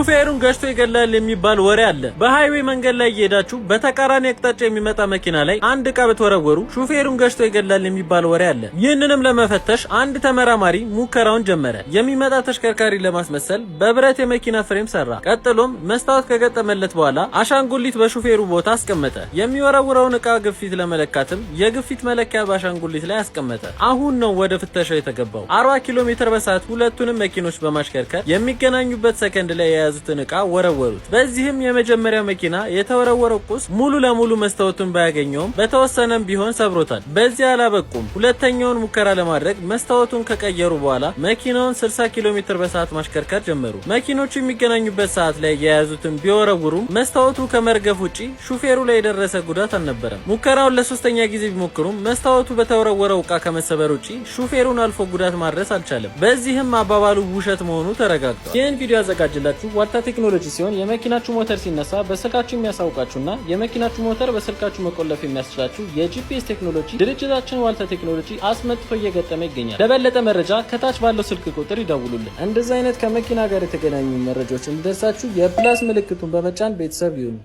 ሹፌሩን ገጭቶ ይገላል የሚባል ወሬ አለ። በሃይዌ መንገድ ላይ እየሄዳችሁ በተቃራኒ አቅጣጫ የሚመጣ መኪና ላይ አንድ እቃ ብትወረወሩ ሹፌሩን ገጭቶ ይገላል የሚባል ወሬ አለ። ይህንንም ለመፈተሽ አንድ ተመራማሪ ሙከራውን ጀመረ። የሚመጣ ተሽከርካሪ ለማስመሰል በብረት የመኪና ፍሬም ሰራ። ቀጥሎም መስታወት ከገጠመለት በኋላ አሻንጉሊት በሹፌሩ ቦታ አስቀመጠ። የሚወረውረውን ዕቃ ግፊት ለመለካትም የግፊት መለኪያ በአሻንጉሊት ላይ አስቀመጠ። አሁን ነው ወደ ፍተሻው የተገባው። 40 ኪሎ ሜትር በሰዓት ሁለቱንም መኪኖች በማሽከርከር የሚገናኙበት ሰከንድ ላይ የያዙትን እቃ ወረወሩት። በዚህም የመጀመሪያው መኪና የተወረወረው ቁስ ሙሉ ለሙሉ መስታወቱን ባያገኘውም በተወሰነም ቢሆን ሰብሮታል። በዚህ አላበቁም። ሁለተኛውን ሙከራ ለማድረግ መስታወቱን ከቀየሩ በኋላ መኪናውን 60 ኪሎ ሜትር በሰዓት ማሽከርከር ጀመሩ። መኪኖቹ የሚገናኙበት ሰዓት ላይ የያዙትን ቢወረውሩም መስታወቱ ከመርገፍ ውጪ ሹፌሩ ላይ የደረሰ ጉዳት አልነበረም። ሙከራውን ለሶስተኛ ጊዜ ቢሞክሩም መስታወቱ በተወረወረው እቃ ከመሰበር ውጪ ሹፌሩን አልፎ ጉዳት ማድረስ አልቻለም። በዚህም አባባሉ ውሸት መሆኑ ተረጋግጧል። ይህን ቪዲዮ ያዘጋጅላችሁ ዋልታ ቴክኖሎጂ ሲሆን የመኪናችሁ ሞተር ሲነሳ በስልካችሁ የሚያሳውቃችሁና የመኪናችሁ ሞተር በስልካችሁ መቆለፍ የሚያስችላችሁ የጂፒኤስ ቴክኖሎጂ ድርጅታችን ዋልታ ቴክኖሎጂ አስመጥቶ እየገጠመ ይገኛል። ለበለጠ መረጃ ከታች ባለው ስልክ ቁጥር ይደውሉልን። እንደዚህ አይነት ከመኪና ጋር የተገናኙ መረጃዎች እንዲደርሳችሁ የፕላስ ምልክቱን በመጫን ቤተሰብ ይሁኑ።